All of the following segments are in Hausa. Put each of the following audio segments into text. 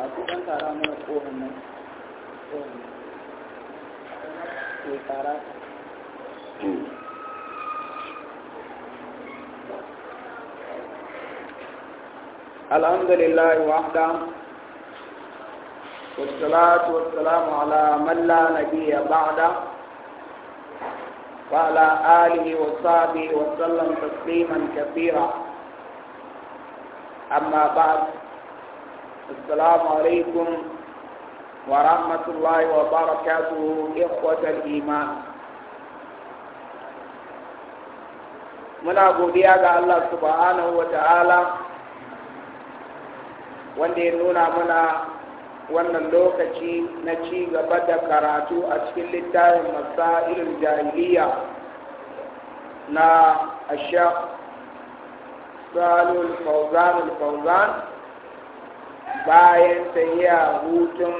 الحمد لله وحده والصلاة والسلام على من لا نبي بعده وعلى آله وصحبه وسلم تسليما كثيرا أما بعد السلام عليكم ورحمة الله وبركاته إخوة الإيمان muna godiya ga Allah subhanahu wa ta'ala wanda ya nuna muna wannan lokaci na ci gaba da karatu a cikin littafin irin jahiliya na ashaq salul fauzan al-fauzan bayan tahiya hutun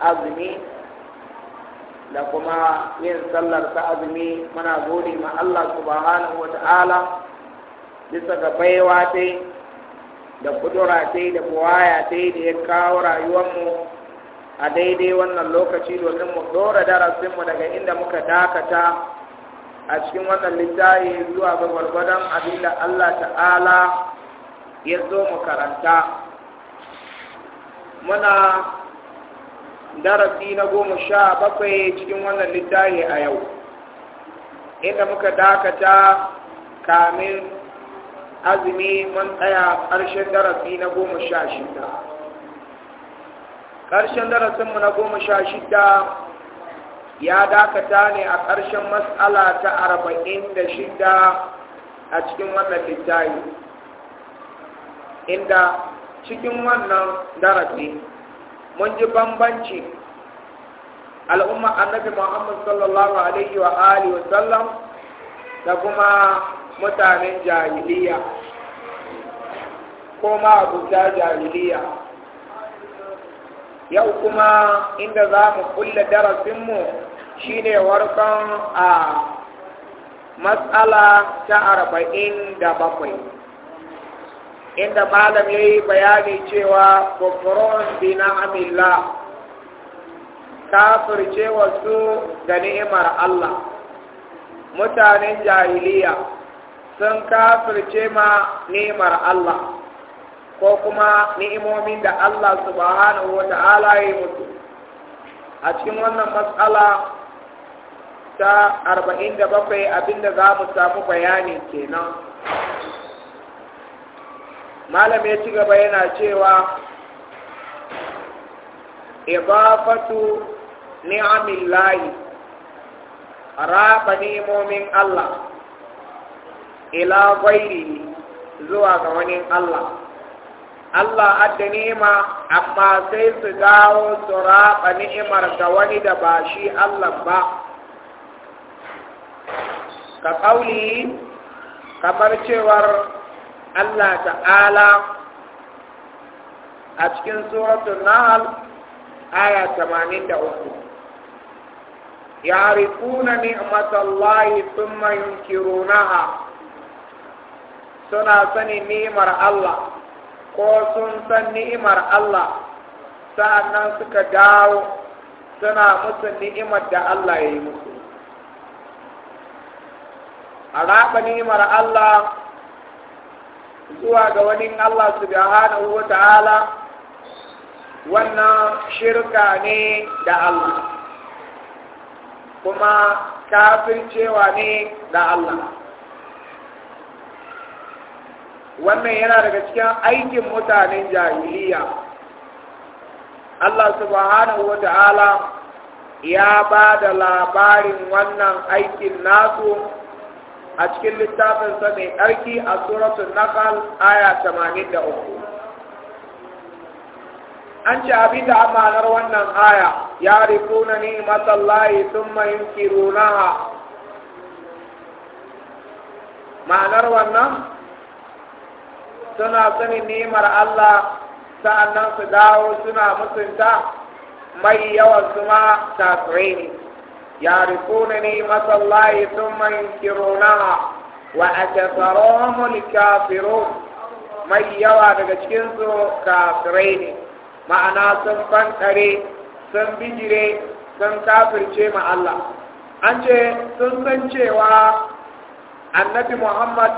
azumi da kuma yin sallar ta azumi muna gode ma Allah subhanahu wa ta'ala bisa ga baiwa ta da kudura ta da buwaya ta da ya kawo rayuwarmu a daidai wannan lokaci domin mu dora darasinmu daga inda muka dakata a cikin wannan littafi zuwa ga gwargwadon abin da Allah ta'ala ya zo mu karanta muna darasi na goma sha bakwai cikin wannan littafi a yau inda muka dakata kamin azumi mun tsaya ƙarshen darasi na goma sha shida ƙarshen darasinmu na goma sha shida ya dakata ne a ƙarshen matsala ta arba'in da shida a cikin wannan littafi inda cikin wannan darasi mun ji bambanci al'umma annabi Muhammad sallallahu alaihi wa alihi wa sallam da kuma mutanen jahiliya ko ma abuta jahiliya yau kuma inda za mu kulle darasinmu shine warkan a ah, matsala ta arba'in da bakwai inda malam ya yi bayani cewa kufurun bi na'amillah kafirce wasu da ni'imar Allah mutanen jahiliya sun kafirce ma ni'imar Allah ko kuma ni'imomin da Allah subhanahu wa ta'ala ya mutu a cikin wannan matsala ta arba'in da bakwai abinda za mu samu bayani kenan malam ya ci gaba yana cewa ibafatu ni'amillahi raba nemomin Allah ila gwairi zuwa ga wani Allah Allah adda nema amma sai su dawo su raba ni'imar ga wani da ba shi Allah ba ka kauli kamar cewar Allah ta'ala a cikin suratun Nahal, aya 83 ya'rifuna ni'matallahi thumma yunkirunaha suna sani ni'mar Allah ko sun san ni'imar Allah sa'annan suka dawo suna musu ni'imar da Allah ya yi musu a raɓa ni'imar Allah zuwa ga wani Allah subhanahu wa ta'ala wannan shirka ne da Allah kuma kafircewa ne da Allah wannan yana daga cikin aikin mutanen jahiliya Allah subhanahu wa ta'ala ya ba da labarin wannan aikin nasu a cikin littafin sa mai ɗarki a suratul naqal aya 83 an ce abin da amanar wannan aya ya rikuna ni sun thumma yunkirunaha ma'anar wannan suna sanin nemar Allah sa'annan su dawo suna mutunta mai yawan su ma ne يعرفون نعمة الله ثم ينكرونها وأكثرهم الكافرون mai yawa daga cikinsu kafirai ne ma'ana sun fankare sun bijire sun kafirce ma Allah an ce sun san cewa annabi Muhammad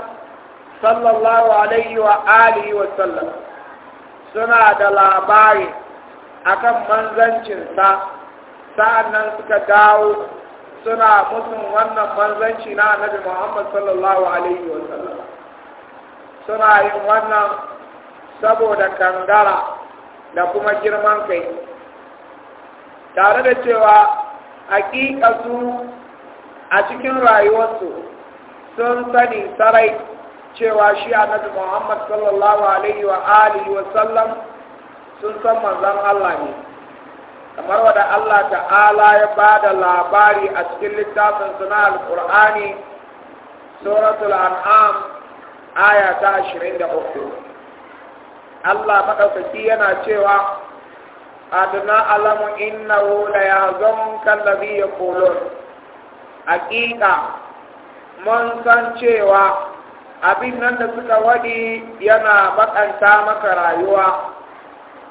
sallallahu alaihi wa wa sallam suna da labari akan manzancinsa sa'annan suka dawo suna musun wannan manzanci na Nabi Muhammad sallallahu alaihi wa sallam suna yin wannan saboda kangara da kuma girman kai tare da cewa hakika su a cikin rayuwarsu sun sani sarai cewa shi annabi Muhammad sallallahu alaihi wa alihi wa sallam sun san manzon Allah ne kamar wada Allah ta'ala ya ba da labari a cikin littafin suna alƙur'ani suratul an'am aya ta 23 Allah maɗaukaki yana cewa adna alamu innahu la yahzunka alladhi yaqulun haƙiƙa mun san cewa abin nan da suka waɗi yana baƙanta maka rayuwa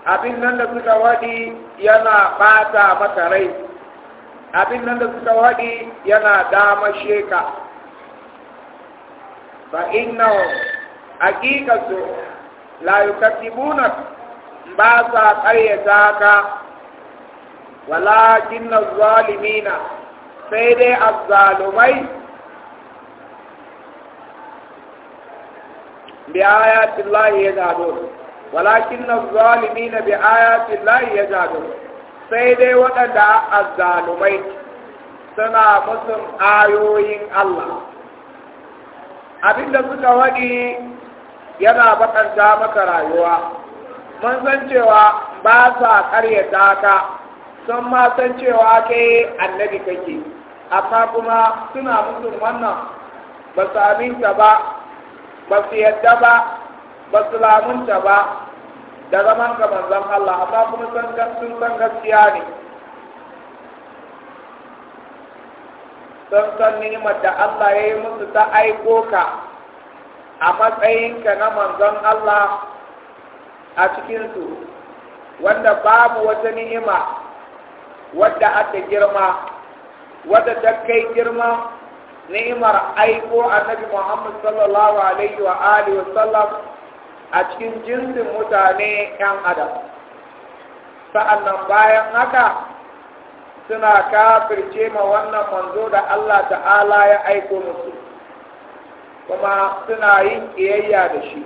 abin nan da suka waɗi yana ɓata maka rai abin nan da suka waɗi yana dama sheka fa inna haƙiƙasu la yukatibuna ba sa ƙaryata ka walakin na zalimina sai dai azzalumai bi ya lahi ya gado walakin na zalimi na bi ayatin ya jadu sai dai waɗanda azzalumai suna musun ayoyin Allah abinda suka waɗi yana bakanta maka rayuwa mun san cewa ba sa karyata ka sun ma san cewa kai annabi kake amma kuma suna musun wannan ba su aminta ba ba su yadda ba ba su lamunta ba da zaman ga manzon Allah amma kuma sun san gaskiya ne sun san ni'imar da Allah ya yi musu ta aiko ka a matsayinka na manzon Allah a cikinsu wanda babu wata ni'ima wadda aka girma wadda ta kai girma ni'imar aiko annabi Muhammad sallallahu alaihi wa alihi wa sallam a cikin jinsin mutane 'yan adam sa'annan bayan haka suna kafirce ma wannan manzo da Allah ta'ala ya aiko musu kuma suna yin ƙiyayya da shi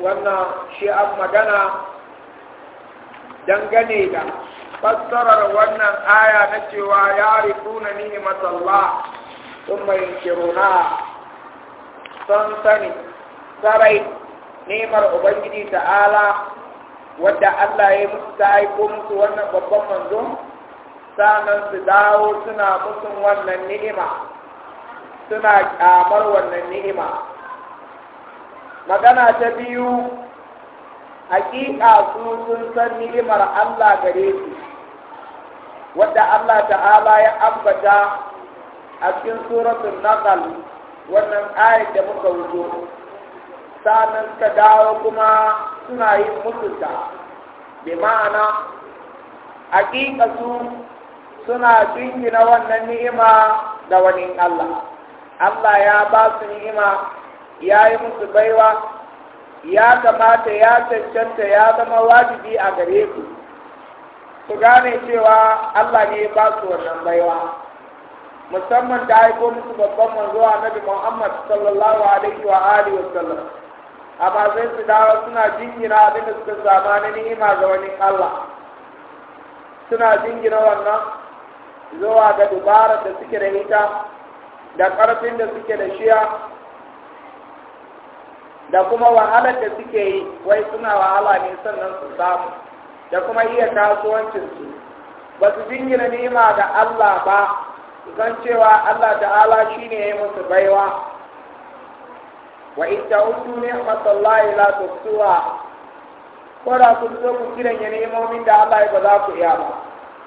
wannan shi an magana dangane da fassarar wannan aya na cewa ya rikuna ni'matallah sun mai kiruna sun sani sarai nemar ubangiji ta'ala wadda Allah ya musu ta aiko musu wannan babban manzo sanan su dawo suna musu wannan ni'ima suna kyamar wannan ni'ima magana ta biyu hakika su sun san ni'imar Allah gare su wadda Allah ta'ala ya ambata a cikin suratul naqal wannan ayat da muka wuce sanan ka dawo kuma suna yin mutunta bi ma'ana haƙiƙa su suna jingina wannan ni'ima da wani Allah Allah ya ba su ni'ima ya yi musu baiwa ya kamata ya cancanta ya zama wajibi a gare su su gane cewa Allah ne ba su wannan baiwa musamman ta aiko musu babban manzo annabi Muhammad sallallahu alaihi wa alihi wa sallam amma zai su dawo suna jingina abin da suka zama na ni'ima ga wani Allah suna jingina wannan zuwa ga dubarar da suke da ita da ƙarfin da suke da shiya da kuma wahalar da suke yi wai suna wahala ne sannan su samu da kuma iya kasuwancinsu ba su jingina ni'ima ga Allah ba su san cewa Allah ta'ala shi ne ya yi musu baiwa وإن تعدوا نعمة الله لا تحصوها koda kun zo ku kiran ya min da Allah ba za ku iya ba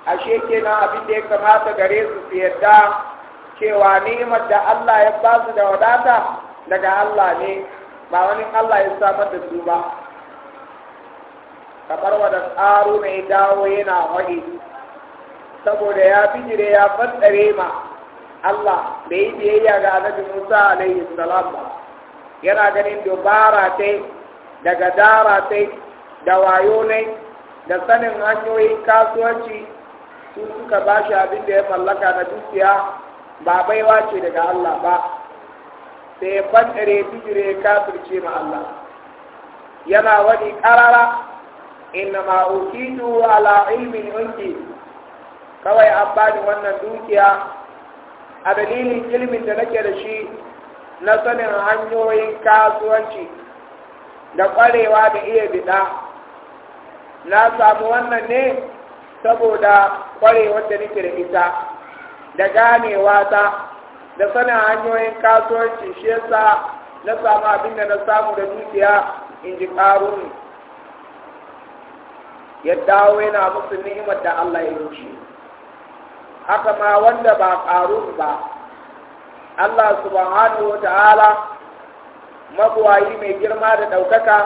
ashe kenan abin da ya kamata gare su su yarda cewa ni'imar da Allah ya ba su da wadata daga Allah ne ba wani Allah ya samar da su ba kamar wadan tsaro mai dawo yana waɗi saboda ya bijire ya fassare ma Allah bai yi biyayya ga annabi Musa alaihi salam ba yana ganin dubara tai daga dara tai da wayo ne da sanin hanyoyin kasuwanci su suka ba shi abin da ya mallaka na dukiya ba baiwa ce daga Allah ba sai ya fadare bijire kafirce ma Allah yana wani karara inna ma utitu ala ilmin unki kawai an bani wannan dukiya a dalilin ilmin da nake da shi na sanin hanyoyin kasuwanci da ƙwarewa da iya bida na samu wannan ne saboda ƙwarewar da nake da ita da ganewa ta da sanin hanyoyin kasuwanci shi yasa na samu abin da na samu da dukiya in ji ƙarun ya dawo yana musu ni'imar da Allah ya yi haka ma wanda ba ƙarun ba Allah subhanahu wa ta'ala magwayi mai girma da ɗaukaka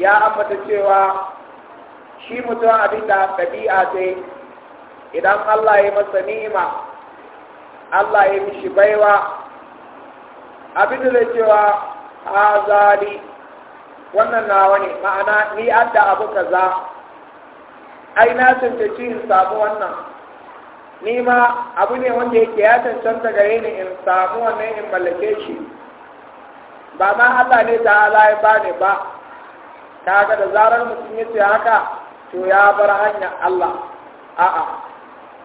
ya ambata cewa shi mutum abin da ɗabi'a sai idan Allah ya masa ni'ima Allah ya mishi baiwa abin da zai cewa a zari. wannan nawa ne ma'ana ni adda abu kaza ai na tantance in samu wannan ni ma abu ne wanda yake ya cancanta gare ni in samu wannan in mallake shi ba ma Allah ne ta ala ya bani ba kaga da zarar mutum yace haka to ya bar hanya Allah a'a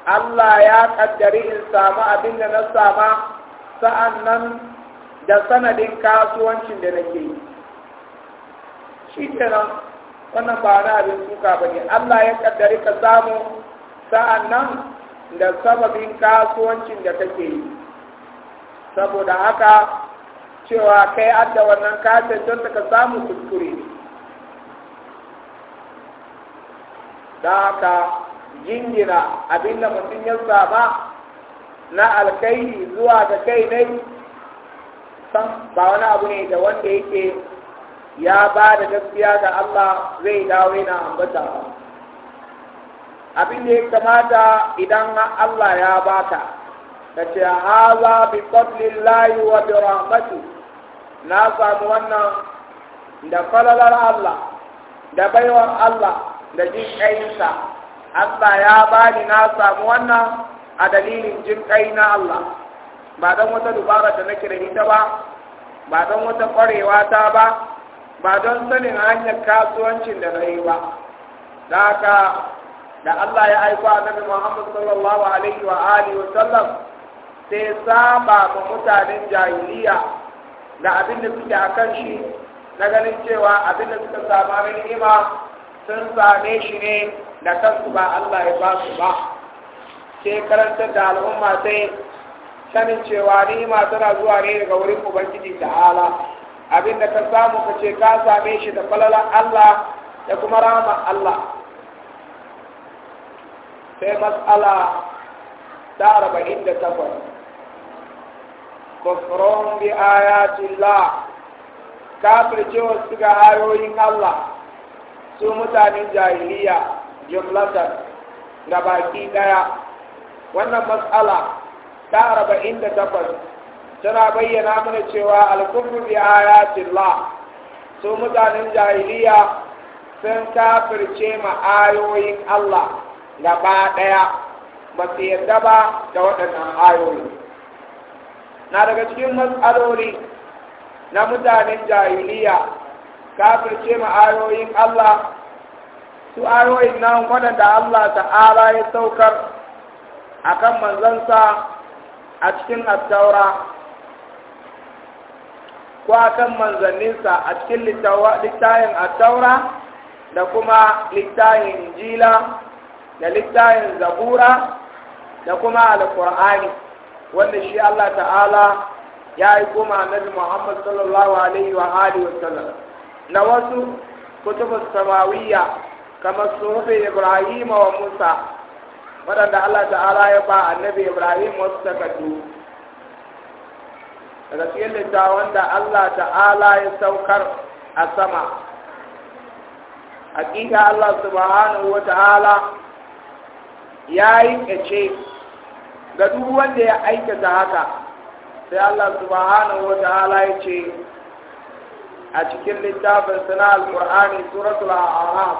Allah ya kaddari in samu abin da na sama sa'annan da sanadin kasuwancin da nake yi shi kenan wannan ba na abin suka bane Allah ya kaddari ka samu nan? da sababin kasuwancin da kake yi saboda haka cewa kai adda wannan kasar don ka samu kuskure da haka jingina abinda mutum ya sama na alkairi zuwa ga kai ne san ba wani abu ne da wanda yake ya ba da gaskiya ga Allah zai dawo yana ambata ba abin da ya kamata idan Allah ya baka ka ce haza bi fadlillahi wa bi rahmati na samu wannan da falalar Allah da baiwar Allah da jin ƙainsa Allah ya bani na samu wannan a dalilin jin ƙai na Allah ba don wata dubara da nake da ita ba ba don wata ƙwarewa ta ba ba don sanin hanyar kasuwancin da na yi ba da haka da Allah ya aiko annabi Muhammad sallallahu alaihi wa alihi wa sallam sai saba ma mutanen jahiliya da abin da suke akan shi na ganin cewa abin da suka saba na ima sun same shi ne da kansu ba Allah ya ba su ba sai karantar da al'umma sai sanin cewa ni'ima tana zuwa ne daga wurin ubangiji ala. abin da ka samu ka ce ka same shi da falalar Allah da kuma rahama Allah sai matsala ta arba'in da takwas kufrun bi kafir cewa su ga ayoyin Allah su mutanen jahiliya jumlatar ga baki daya wannan matsala ta arba'in da takwas tana bayyana mana cewa alkufru bi ayatillah su mutanen jahiliya sun kafirce ma ayoyin Allah gaba ɗaya ba su yarda ba da waɗannan ayoyi na daga cikin matsaloli na mutanen jahiliya kafirce ma ayoyin Allah su ayoyin nan waɗanda Allah ta'ala ya saukar a kan manzansa a cikin attaura ko a kan manzanninsa a cikin littayin attaura da kuma littayin jila da littafin zabura da kuma alƙur'ani wanda shi Allah ta'ala ya yi kuma annabi Muhammad sallallahu alaihi wa alihi wa sallam na wasu kutubus samawiyya kamar sufi Ibrahim wa Musa waɗanda Allah ta'ala ya ba annabi Ibrahim wasu takardu daga cikin littafin da Allah ta'ala ya saukar a sama hakika Allah subhanahu wa ta'ala ya yi ƙace ga duk wanda ya aikata haka sai Allah subhanahu wa ta'ala ya ce a cikin littafin sana al-Qur'ani suratul A'raf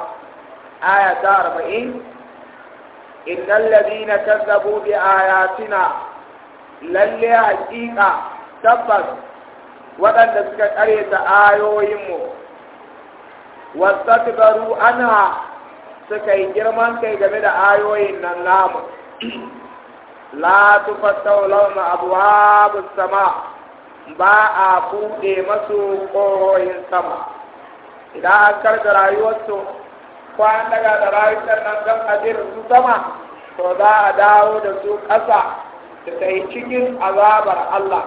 aya ta 40 innal ladina kazzabu bi ayatina lalle haqiqa tabbas waɗanda suka ƙaryata ayoyinmu wastakbaru anha suka yi girman kai game da ayoyin nan namu la tufattau lahum abwabus sama ba a buɗe masu ƙoroyin sama idan an karga rayuwarsu ko an daga da rayuwar nan don ajiyar su sama to za a dawo da su ƙasa da ta yi cikin azabar Allah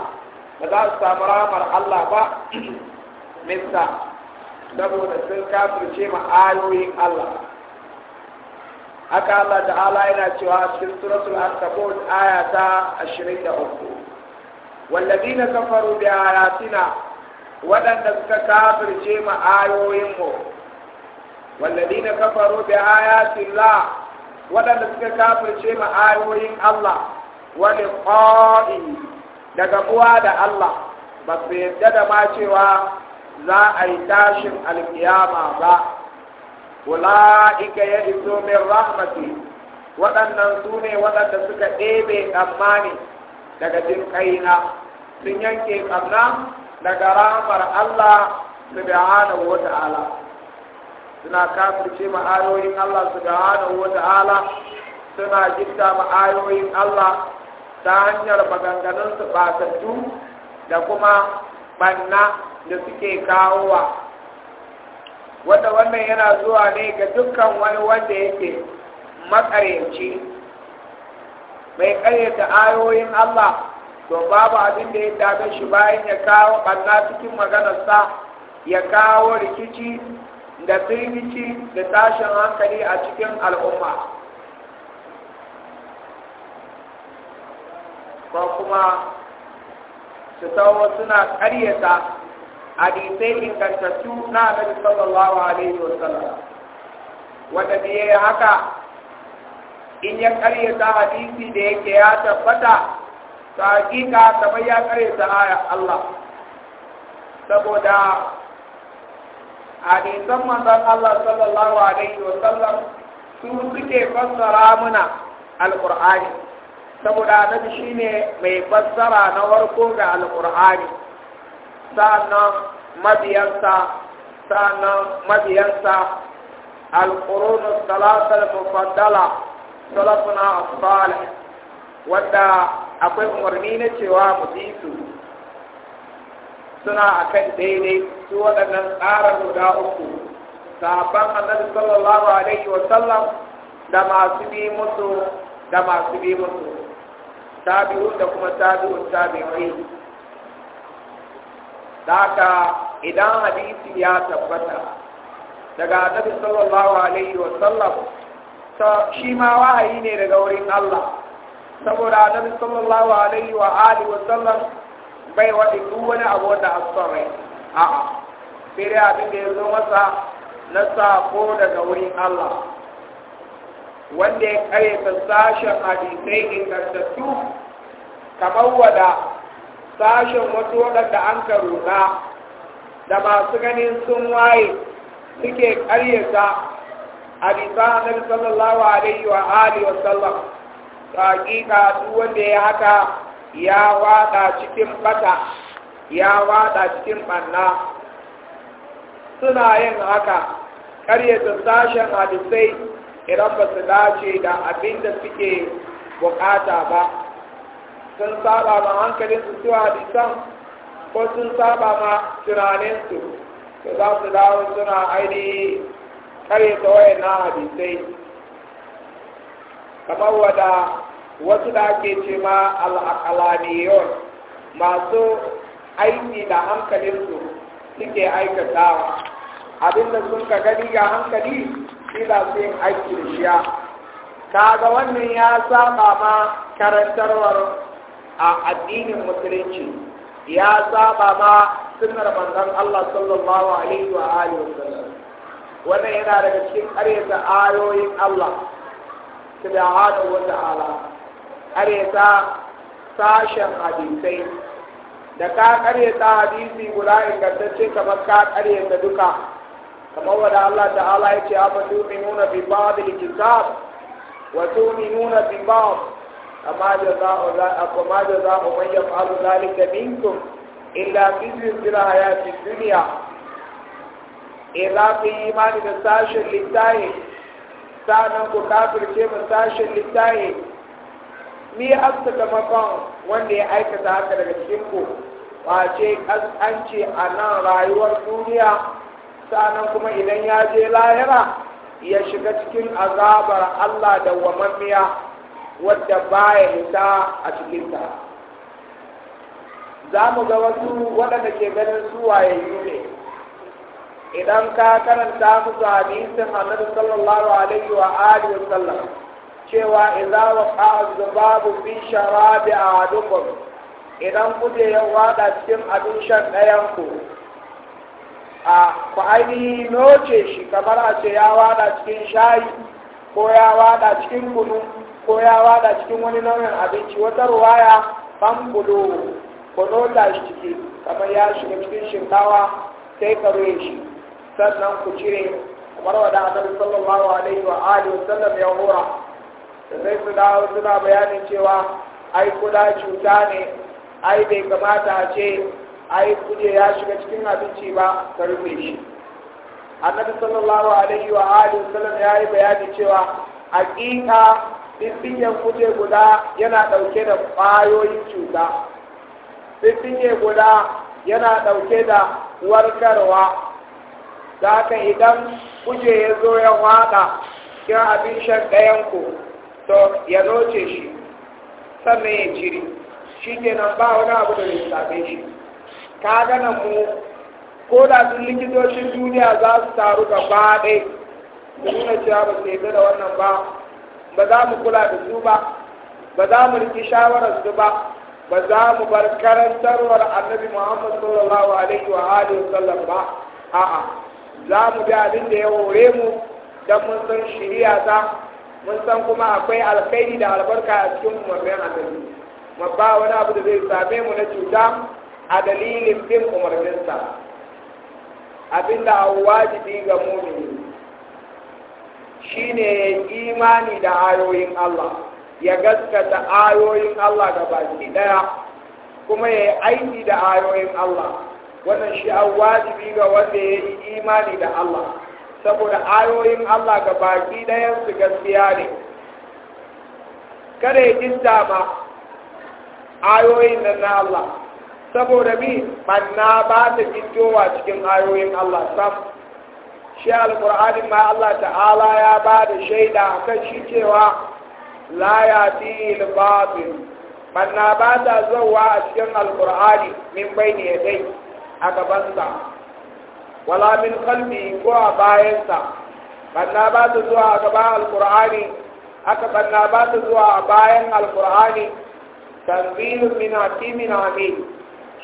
ba za su samu ramar Allah ba mista saboda sun kafirce ma ayoyin Allah haka Allah ta'ala yana cewa cikin suratul ankabut aya ta 23 walladina kafaru bi ayatina waɗanda suka kafirce mu ayoyin mu walladina kafaru bi suka kafirce mu ayoyin Allah wa liqa'i daga uwa da Allah ba su yadda da ma cewa za a yi tashin alkiyama ba ula'ika ya iso min rahmati waɗannan su ne waɗanda suka ɗebe tsammani daga jinƙaina sun yanke ƙamna daga ramar Allah subhanahu wa ta'ala suna kafirce ma'ayoyin Allah subhanahu wa ta'ala suna gitta ma'ayoyin Allah ta hanyar maganganunsu batattu da kuma banna da suke kawowa wanda wannan yana zuwa ne ga dukkan wani wanda yake makaryaci mai karyata ayoyin Allah to babu abin da ya dame shi bayan ya kawo ɓanna cikin maganarsa ya kawo rikici da firgici da tashin hankali a cikin al'umma ko kuma su tawo suna karyata hadisai ingantattu na annabi sallallahu alaihi wa sallam wanda da yayi haka in ya karyata hadisi da yake ya tabbata ta hakika kamar ya karyata aya Allah saboda hadisan manzon Allah sallallahu alaihi wa sallam su suke fassara muna alqur'ani saboda annabi shine mai fassara na farko ga alqur'ani Sannan mabiyansa sa'annan mabiyansa القرون الثلاثة mufaddala سلفنا الصالح wanda akwai umarni na cewa mu suna su suna akan daidai su waɗannan tsarin guda uku sahabban annabi sallallahu alaihi wa sallam da masu bi musu da masu bi musu tabi'un da kuma tabi'un tabi'in da haka idan hadisi ya tabbata daga annabi sallallahu alaihi wa sallam shi ma wahayi ne daga wurin Allah saboda annabi sallallahu alaihi wa alihi wa sallam bai wadi duk wani abu da asare a'a sai dai abin da ya zo masa na sako daga wurin Allah wanda ya karyata sashen hadisai ingantattu kamar wada sashen wasu waɗanda an ka roƙa da masu ganin sun waye suke ƙaryata a bisa annabi sallallahu alaihi wa alihi wa sallam hakika wanda ya haka ya waɗa cikin bata ya waɗa cikin ɓanna, suna yin haka ƙaryata sashen hadisai idan ba su dace da abinda suke bukata ba sun saba ma hankalinsu su hadisan ko sun saba ma tunaninsu da za su dawo suna ainihi karyata wayan na hadisai kamar wada wasu da ake ce ma al'akalaniyon masu aiki da hankalinsu suke aikatawa abinda sun ka gani ga hankali shi da su yin aiki da shiya kaga wannan ya saba ma karantarwar a addinin musulunci ya saba ma sunnar manzon Allah sallallahu alaihi wa alihi wasallam wannan yana daga cikin ƙaryata ayoyin Allah subhanahu wa ta'ala ƙaryata sashen hadisai da ka ƙaryata hadisi guda ingantacce kamar ka ƙaryata duka kamar wanda Allah ta'ala ya ce afa tu'minuna bi ba'dil kitab wa tu'minuna bi ba'd amma da za a za a kuma da za a man ya faru zalika minkum illa bizin fil hayati dunya idza fi imani da sashin littahi sanan ku kafirce mu sashen littahi ni asta kamakon wanda ya aikata haka daga cikin ku wace ce a nan rayuwar duniya sanan kuma idan ya je lahira ya shiga cikin azabar Allah da wa mamiya. wadda baya hita a cikinta za mu ga wasu waɗanda ke ganin su yi ne idan ka karanta su hadisin annabi sallallahu alaihi wa alihi sallam cewa idza waqa'a zubabu fi sharabi ahadukum idan kuje ya wada cikin abin shan ɗayan ku a ku ainihi noce shi kamar a ce ya wada cikin shayi ko ya wada cikin kunu ko ya wada cikin wani nau'in abinci wata ruwaya fambulo nota shi ciki kamar ya shiga cikin shinkawa sai ka roye shi sannan ku cire kamar wa annabi sallallahu alaihi wa alihi sallam ya hura da sai su dawo suna bayanin cewa ai kuda cuta ne ai bai kamata a ce ai kuje ya shiga cikin abinci ba ka rufe shi annabi sallallahu alaihi wa alihi sallam ya yi bayani cewa hakika fiffinyen kuje guda yana ɗauke da ƙwayoyin cuta fiffinye guda yana ɗauke da warkarwa da haka idan kuje ya zo ya waɗa kin abin shan ɗayanku to ya noce shi sannan ya ciri shi ke nan ba wani abu da ya same shi ka gana mu ko da sun likitocin duniya za su taru gaba ɗaya da nuna cewa ba su da wannan ba ba za mu kula da su ba ba za mu riki shawarar su ba ba za mu bar karantarwar annabi muhammad sallallahu alaihi wa alihi wa sallam ba a'a za mu bi abin da ya hore mu dan mun san shari'a ta mun san kuma akwai alkhairi da albarka a cikin umarnin annabi mu ba wani abu da zai same mu na cuta a dalilin bin umarninsa abinda a wajibi ga mumini Shi yi imani da ayoyin Allah ya gaskata ayoyin Allah da baki daya kuma ya yi aiki da ayoyin Allah wannan shi an wajibi ga wanda ya yi imani da Allah saboda ayoyin Allah ga baki dayan su gaskiya ne kada ya kinta ma ayoyin nan na Allah saboda bi banna ba ta jintowa cikin ayoyin Allah sam shi alƙur'anin ma Allah ta'ala ya ba da shaida kan shi cewa la ya fi batil banna ba ta zauwa a cikin alƙur'ani min bayni ya dai a gabansa wala min kalbi ko a bayansa banna ba ta zuwa a gaban alƙur'ani aka banna ba ta zuwa a bayan alƙur'ani tanzilun min hakimin amin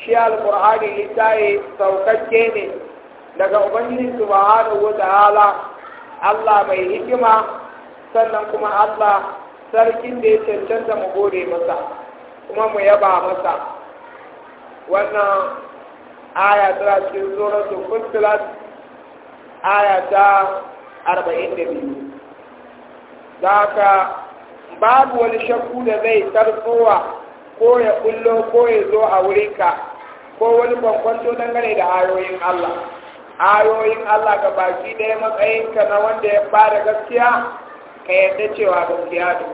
shi alƙur'ani ita littaye saukakke ne daga ubangiji subhanahu wata ala, Allah mai hikima sannan kuma Allah sarkin da ya cancanta mu gode masa kuma mu yaba masa wannan aya ta cikin suratul fussilat aya ta 42 zaka babu wani shakku da zai tarsowa ko ya kullo ko ya zo a wurinka ko wani kwankwanto dangane da ayoyin Allah ayoyin Allah ga baki ɗaya matsayinka na wanda ya fara gaskiya ka yadda cewa gaskiya ne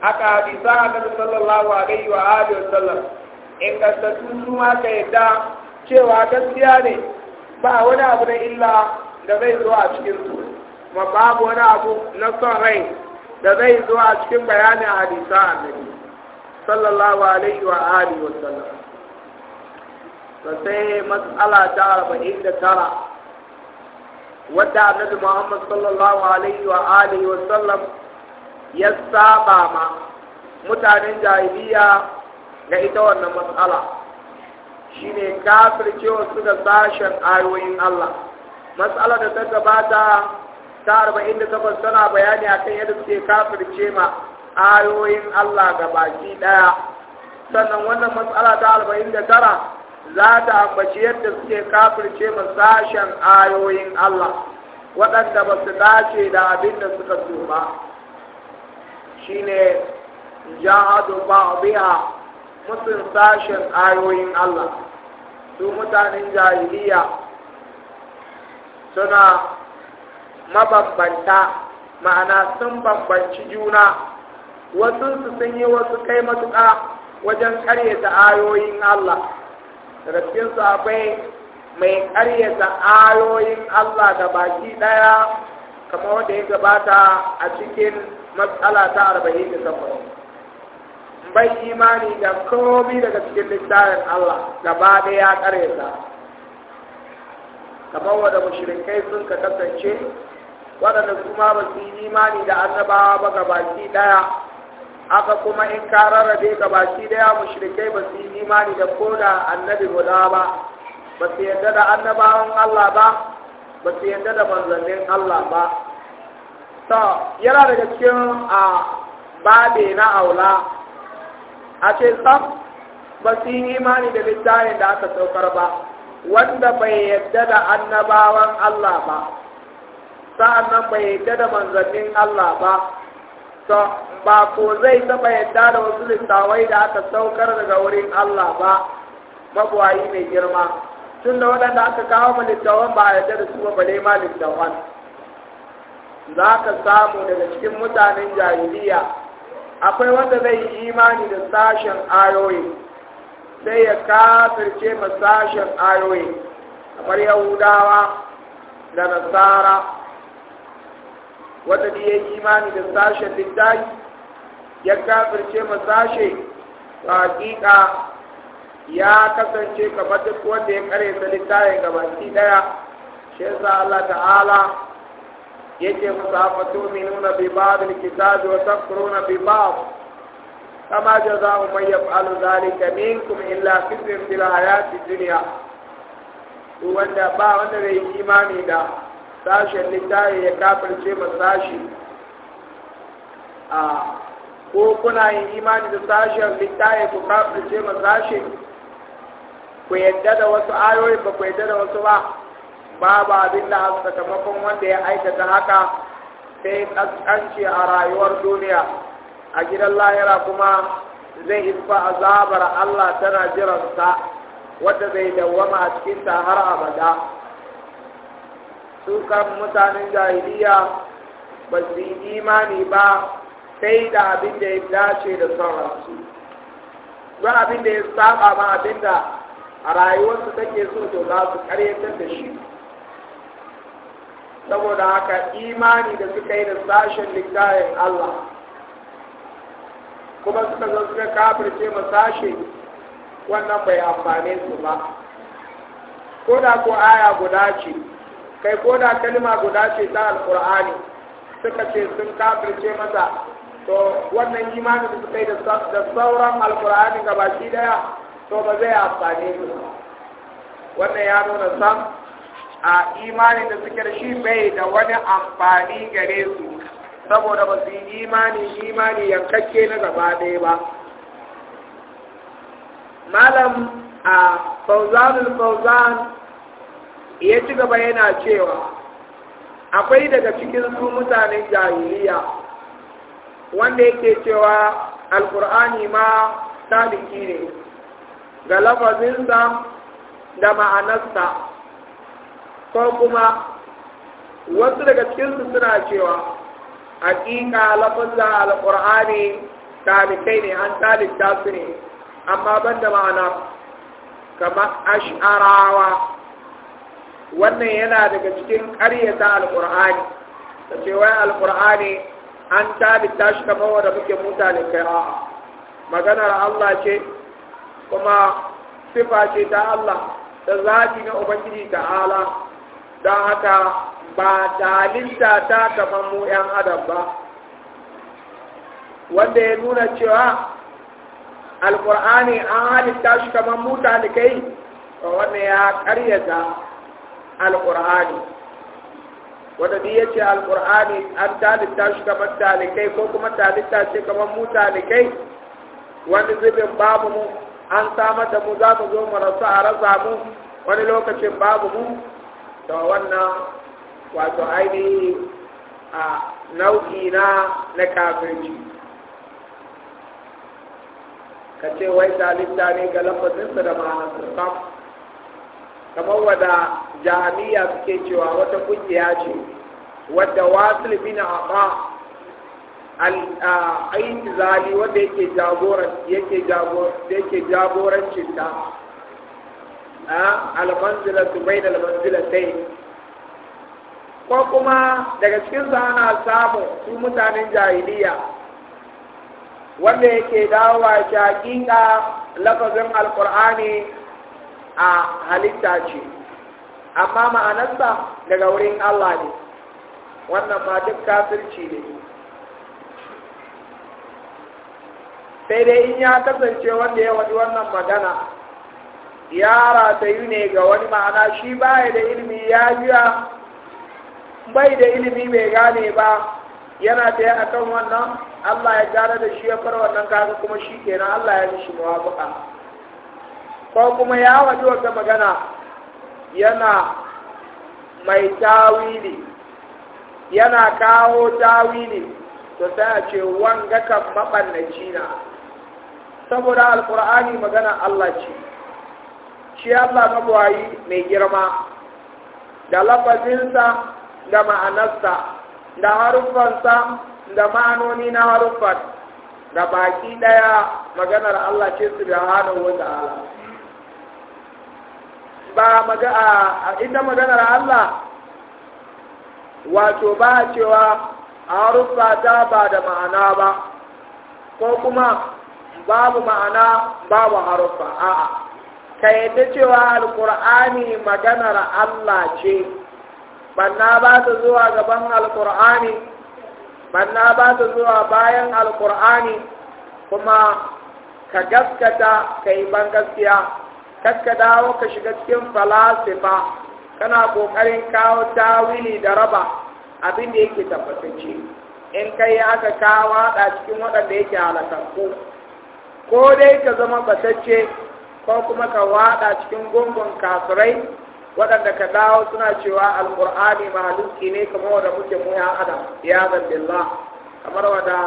haka hadisa annabi sallallahu alaihi wa alihi sallam in kasatu su ma ka yadda cewa gaskiya ne ba wani abu na illa da zai zo a cikin su kuma babu wani abu na son rai da zai zo a cikin bayanin hadisa annabi sallallahu alaihi wa alihi sallam. sai matsala ta arba'in da tara wadda annabi muhammad sallallahu alaihi wa alihi wa sallam ya saba ma mutanen jahiliya na ita wannan matsala shine kafircewa su da sashen ayoyin Allah matsalar da ta gabata ta arba'in da takwas tana bayani akan yadda suke kafirce ma ayoyin Allah ga baki ɗaya sannan wannan matsala ta arba'in da tara za ta ambaci yadda suke kafirce masashen sashen ayoyin Allah waɗanda ba su dace da abin da suka so ba shine jahadu biya musun sashen ayoyin Allah su mutanen jahiliya suna mabambanta ma'ana sun bambanci juna wasu su sun yi wasu kai matuƙa wajen karyata ayoyin Allah daga cikin su akwai mai karyata ayoyin Allah da baki ɗaya kamar wanda ya gabata a cikin matsala ta arba'in da takwas bai imani da komi daga cikin littafin Allah gaba da ya ƙaryata kamar wanda mushrikai sun ka kasance waɗanda kuma ba su yi imani da annabawa ba ki ɗaya aka kuma in ka rarrabe ka ba shi ya mushrikai ba su yi imani da koda annabi guda ba ba su yadda da annabawan Allah ba ba su yadda da manzannin Allah ba to yana daga cikin a babe na aula a ce sam ba su yi imani da littafin da aka saukar ba wanda bai yadda da annabawan Allah ba sa'annan bai yadda da manzannin Allah ba ta ba ko zai taɓa yadda da wasu littawai da aka saukar daga wurin Allah ba mabuwayi mai girma tun da waɗanda aka kawo ma littawan ba a yadda da su ba ma littawan za ka samu daga cikin mutanen jahiliya akwai wanda zai yi imani da sashen ayoyi sai ya kafirce ma sashen ayoyi kamar yahudawa da nasara wanda da ya yi imani da sashen littafi ya kafirce ma sashe ba hakika ya kasance kamar duk wanda ya kare ta ga gabaki daya shi yasa Allah ta'ala yake musafa nuna bi ba'd al-kitab wa takfuruna bi ba'd kama jazaa'u man yaf'alu dhalika minkum illa khizyun fil dunya wanda ba wanda zai imani da sashen littafi ya kafirce ma sashi a ko kuna yin imani da sashen littafi ku kafirce ma sashi ku yadda da wasu ayoyi ba ku yadda da wasu ba babu abin da sakamakon wanda ya aikata haka sai kaskanci a rayuwar duniya a gidan lahira kuma zai isfa azabar Allah tana jiransa wadda zai dawwama a cikinta har abada su kan mutanen jahiliya ba su yi imani ba sai da abin da ya dace da sauransu don abin da ya saba ma abin da a rayuwarsu take so to za su karyatar da shi saboda haka imani da suka yi da sashen littafin Allah kuma suka zo suka kafirce ma sashe wannan bai amfane su ba ko da ko aya guda ce kai ko da kalma guda ce ta alkur'ani suka ce sun kafirce masa to wannan imanin da suka yi da sauran alkur'ani ga baki daya to ba zai amfane su wannan ya nuna sam a imanin da suke da shi bai da wani amfani gare su saboda ba su yi imani imani yankakke na gaba ɗaya ba malam a fauzanul fauzan ya ci gaba yana cewa akwai daga cikin su mutanen jahiliya wanda yake cewa alkur'ani ma sadiki ne ga lafazinsa da ma'anarsa ko kuma wasu daga cikinsu suna cewa hakika lafazin alkur'ani talikai ne an talikta su ne amma ban da ma'ana kamar ash'arawa wannan yana daga cikin ƙaryata alƙur'ani ta ce wai alƙur'ani an tabita shi kamar wanda muke mutane kai a'a maganar Allah ce kuma sifa ce ta Allah da zafi na Ubangiji ta'ala don haka ba talinta ta kamar mu 'yan adam ba wanda ya nuna cewa alkur'ani an halitta shi kamar mutane kai wannan ya karyata alƙur'ani wanda duk yace alƙur'ani an talitta shi kamar talikai ko kuma talitta ce kamar mu talikai wani zubin babu mu an samar da mu za mu zo mu rasu a rasa mu wani lokacin babu mu to wannan wato ainihi a nau'i na na kafirci ka ce wai talitta ne ga lafazinsa da ma'anarsa kamar wada jami'a suke cewa wata kungiya ce wadda wasu bin haɓa aiki zali wadda yake jagorancin ta almanzila su bai da almanzila sai ko kuma daga cikin ana samu su mutanen jahiliya wanda yake dawowa shaƙiƙa lafazin alƙur'ani a halitta ce amma ma'anarsa daga wurin Allah ne wannan ma duk kafirci ne sai dai in ya kasance wanda ya wani wannan magana ya ratayu ne ga wani ma'ana shi baya da ilimi ya biya bai da ilimi bai gane ba yana ta kan wannan Allah ya gane da shi ya fara wannan kaga kuma shi kenan Allah ya mishi muwafaqa ko kuma ya waje wata magana yana mai tawili yana kawo tawili to sai a ce wanga kan maɓannaci na saboda alkur'ani magana Allah ce shi Allah mabuwayi mai girma da lafazinsa da ma'anarsa da haruffansa da ma'anoni na haruffan da baki ɗaya maganar Allah ce su da hannun wata ba a ita maganar Allah wato ba cewa a rufa ta ba da ma'ana ba ko kuma babu ma'ana babu harufa a'a ka yadda cewa alkur'ani maganar Allah ce banna ba ta zuwa gaban alkur'ani banna ba ta zuwa bayan alkur'ani kuma ka gaskata ka yi ban gaskiya kaska dawo ka shiga cikin falasifa kana kokarin kawo tawili da raba abin da yake tabbatacce in kai aka kawo da cikin waɗanda yake halakakku ko dai ka zama batacce ko kuma ka waɗa cikin gungun kasurai waɗanda ka dawo suna cewa alƙur'ani mahaluki ne kamar wanda muke muya adam ya zambilla kamar wanda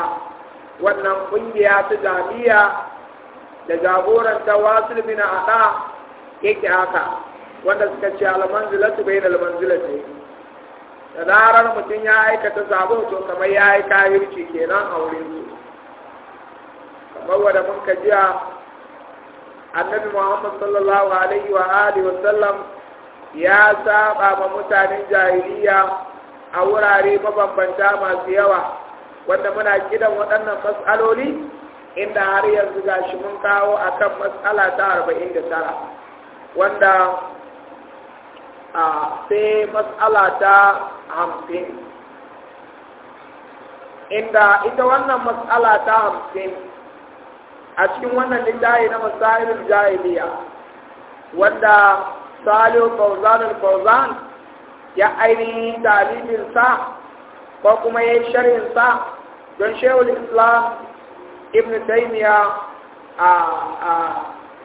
wannan ƙungiya ta jami'a da jagoranta wasu wasu a ada yake haka wanda suka ce almanzilatu bai da almanzilatu da zarar mutum ya aikata sabon to kamar ya yi kayirci kenan a wurin su kamar wadda mun ka jiya annabi muhammad sallallahu alaihi wa alihi wa sallam ya saba ma mutanen jahiliya a wurare mabambanta masu yawa wanda muna kidan waɗannan matsaloli inda har yanzu gashi mun kawo akan masala ta arba'in da tara wanda a sai matsala ta hamsin inda ita wannan matsala ta hamsin a cikin wannan littafi na masailul jahiliya wanda salihu fauzan al-fauzan ya ainihin dalibinsa, ko kuma ya yi shari'insa don shehu islam ibn taymiya a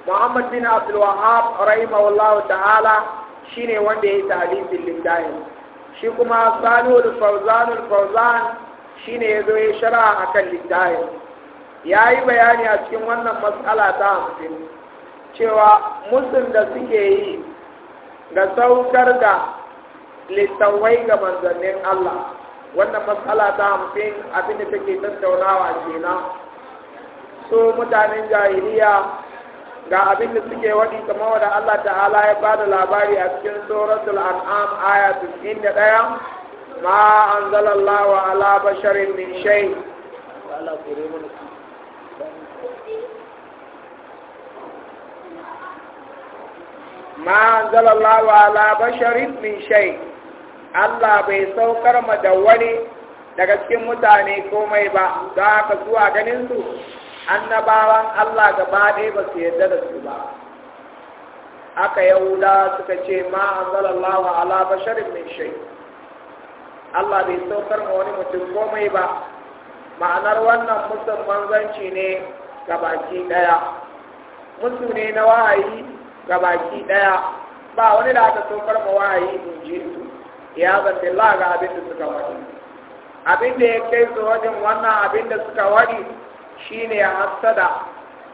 Muhammad bin Abdul Wahab rahimahullahu ta'ala shine wanda ya yi lillahi shi kuma Salihul Fawzanul Fawzan shine yazo ya shara akan lillahi ya yi bayani a cikin wannan matsala ta hamsin cewa musulun da suke yi ga saukar da littawai ga manzannin Allah wannan matsala ta hamsin abinda take tattaunawa kenan so mutanen jahiliya ga abin da suke waɗi kamar wanda Allah ta'ala ya ba da labari a cikin suratul an'am aya 91 ma anzalallahu ala basharin min shay ma anzalallahu ala basharin min shay Allah bai saukar ma da wani daga cikin mutane komai ba za ka zuwa ganin su annabawan Allah gaba ɗaya ba su yarda da su ba aka yauda suka ce ma an lawa, ala basharin min shay Allah bai saukar ma wani mutum komai ba ma'anar wannan musul manzanci ne ga baki ɗaya musu ne na wahayi ga baki ɗaya ba wani da aka saukar ma wahayi in ji su ya zafi la ga abin da suka wani abin da ya kai su wajen wannan abin da suka wani shine hasada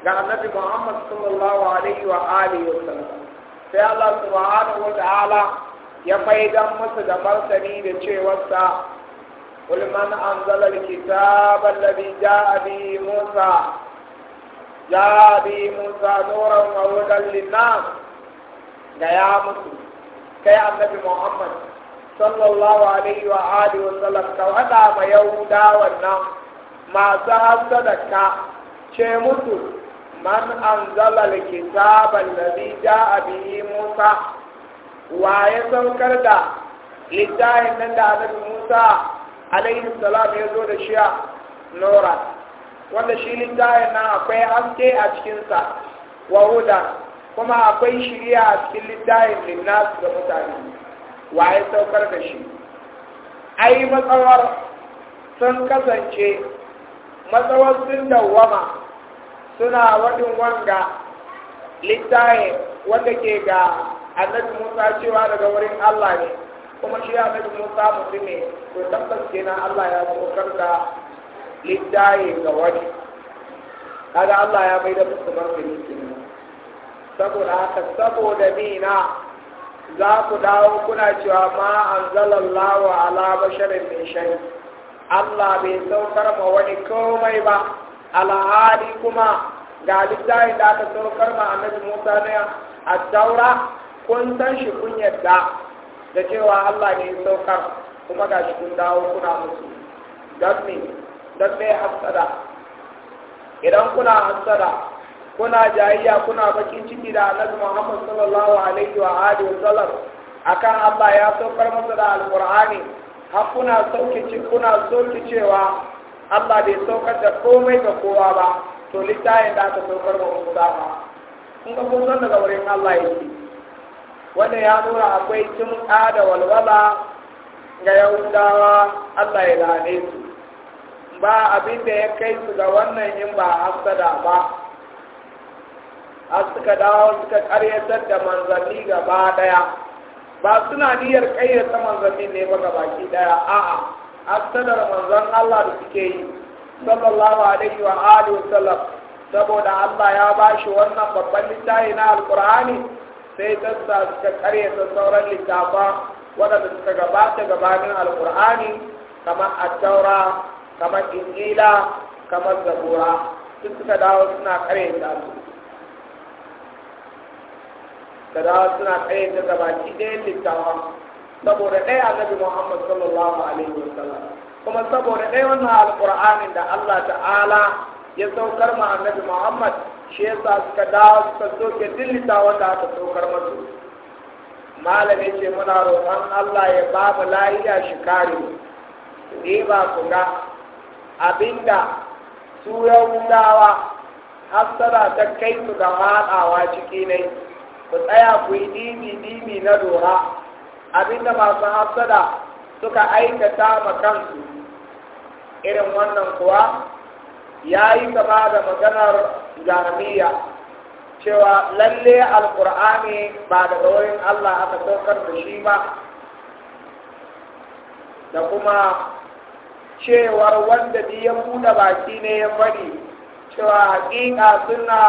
ga annabi Muhammad sallallahu alaihi wa alihi wasallam sai Allah subhanahu wa ta'ala ya faidan musu da martani da cewarsa قل من أنزل الكتاب الذي جاء به موسى جاء به موسى نورا وهدى للناس يا مسلم كي النبي محمد صلى الله عليه وآله وسلم كوهدا ما يهودا والناس masu da ka ce musu man an anzala alkitaba allazi a bihi musa wa ya saukar da littafin nan da annabi musa alaihi salam ya zo da shi a nora wanda shi littafin nan akwai haske a cikinsa wa huda kuma akwai shirya a cikin littafin linnas ga mutane wa ya saukar da shi ai matsawar sun kasance matsawar sun Wama suna wadin wanga littaye wanda ke ga annabi musa cewa daga wurin allah ne kuma shi annabi musa mutum ne to tabbas kenan allah ya tsokar da littaye ga wani kaga allah ya bai da musu da kenan saboda haka saboda mina za ku dawo kuna cewa ma an anzalallahu ala basharin min shay'in Allah bai saukar ma wani komai ba alhali kuma ga littafin da aka saukar ma annabi Musa ne a taura kun san shi kun yadda da cewa Allah ne ya saukar kuma ga shi kun dawo kuna musu don me don me hasada idan kuna hasada kuna jayayya kuna bakin ciki da annabi Muhammad sallallahu alaihi wa alihi wa sallam akan Allah ya saukar masa da alqur'ani har kuna kuna sauke cewa Allah bai saukar da komai ga kowa ba to littafin da aka saukar ba wasu dama ba kun daga wurin Allah ya ce wanda ya nuna akwai tun da walwala ga Yahudawa Allah ya lane su ba abin da ya kai su ga wannan in ba hasada ba A suka dawo suka karyatar da manzanni gaba daya ba suna niyyar kayyata manzannin ne ba baki daya a'a asadar manzan Allah da suke yi sallallahu alaihi wa alihi sallam saboda Allah ya bashi wannan babban littafi na alqur'ani sai ta sa suka karyata sauran littafa waɗanda suka gabata gabanin alqur'ani kamar at-taura kamar injila kamar zabura duk suka dawo suna karyata su da dawa suna tsaye da gabaki ɗaya littafan saboda ɗaya annabi Muhammad sallallahu alaihi sallam kuma saboda ɗaya wannan alƙur'anin da Allah ta'ala ya saukar ma annabi Muhammad shi yasa suka dawo suka soke dillita da aka saukar masu malami ce muna roƙon Allah ya ba mu lahiya shi kare ne ba ku ga abinda su yahudawa ta kai su ga haɗawa ciki ne ku tsaya ku yi dimi-dimi na dora abinda masu hafsada suka aikata ma kansu irin wannan kuwa ya yi kama da maganar jami'a cewa lalle alkur'ani ba daga wurin Allah aka saukar da shi ba da kuma cewar wanda ji ya buɗe baki ne ya faɗi cewa haƙiƙa suna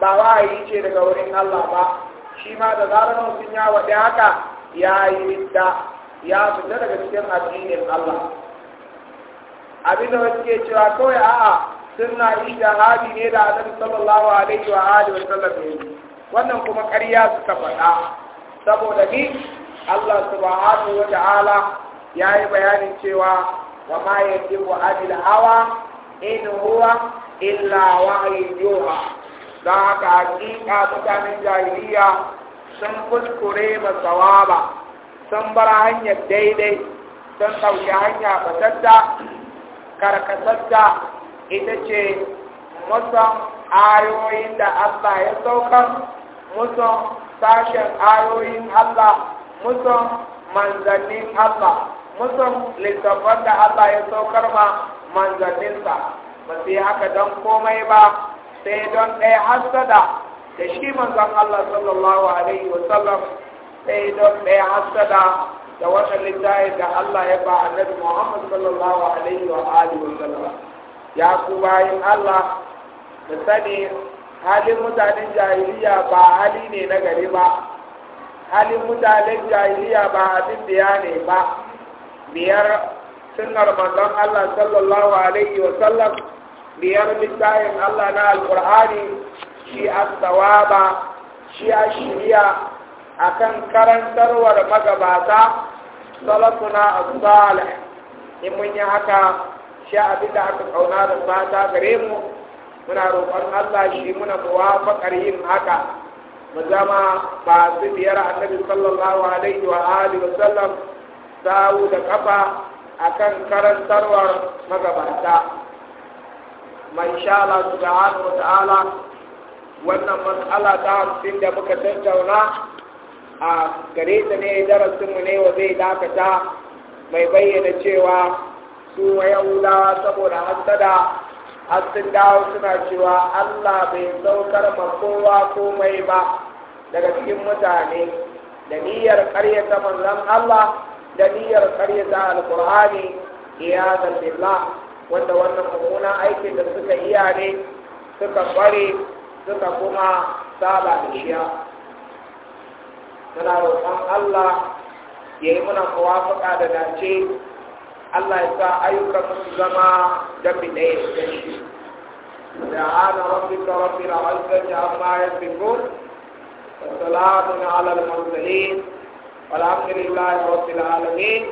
ba wa'ayi ce daga wurin Allah ba shi ma da zarar mutum ya waɗe haka ya yi ridda ya fita daga cikin addinin Allah abin da wasu cewa kawai a'a sunna haɗi ne da annabi sallallahu alaihi wa alihi wa sallam wannan kuma ƙarya suka faɗa saboda ni Allah subhanahu wa ta'ala yi bayanin cewa wa ma yantiqu da hawa in huwa illa wahyu yuha don haka hakika mutanen jahiliya sun kuskure ma ba sun bar hanyar daidai sun ɗauki hanya fatatta karkatatta ita ce musan ayoyin da Allah ya saukar musan sashen ayoyin Allah musan manzannin Allah musan littafan da Allah ya saukar ma manzanninsa ba su yi haka don komai ba sai don ɗaya hasada da shi manzan Allah sallallahu alaihi wasallam sai don ɗaya hasada da wata littafi da Allah ya ba annabi Muhammad sallallahu alaihi wa Ali wasallam ya ku bayan Allah da sani halin mutanen jahiliya ba hali ne na gari ba halin mutanen jahiliya ba abin biya ne ba biyar sunar manzan Allah sallallahu alaihi wasallam biyar littafin Allah na alkur'ani shi a tsawaba shi a shiriya a kan karantarwar magabata salafuna a tsala in mun yi haka shi abin da aka kauna da fata gare mu muna roƙon Allah shi muna muwafaqar yin haka mu zama masu biyar annabi sallallahu alaihi wa alihi wa sallam sawu da kafa akan karantarwar magabata mai subhanahu wa ta'ala wannan matsala ta hamsin da muka tattauna a gare ta ne darasinmu ne wa zai dakata mai bayyana cewa su yahudawa saboda hasada har dawo suna cewa Allah bai saukar ma kowa komai ba daga cikin mutane da niyyar karyata manzan Allah da niyyar karyata alkur'ani iyazan billah wanda wannan mummunan aikin da suka iya ne suka kware suka kuma saba da shiya muna roƙon Allah ya yi muna muwafaƙa da dace Allah ya sa ayyukan su zama dabi ya da shi da ana ta na wajen ya amma ya yasifun wa salamun ala al-mursalin walhamdulillahi rabbil alamin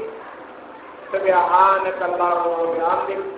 سبحانك اللهم وبحمدك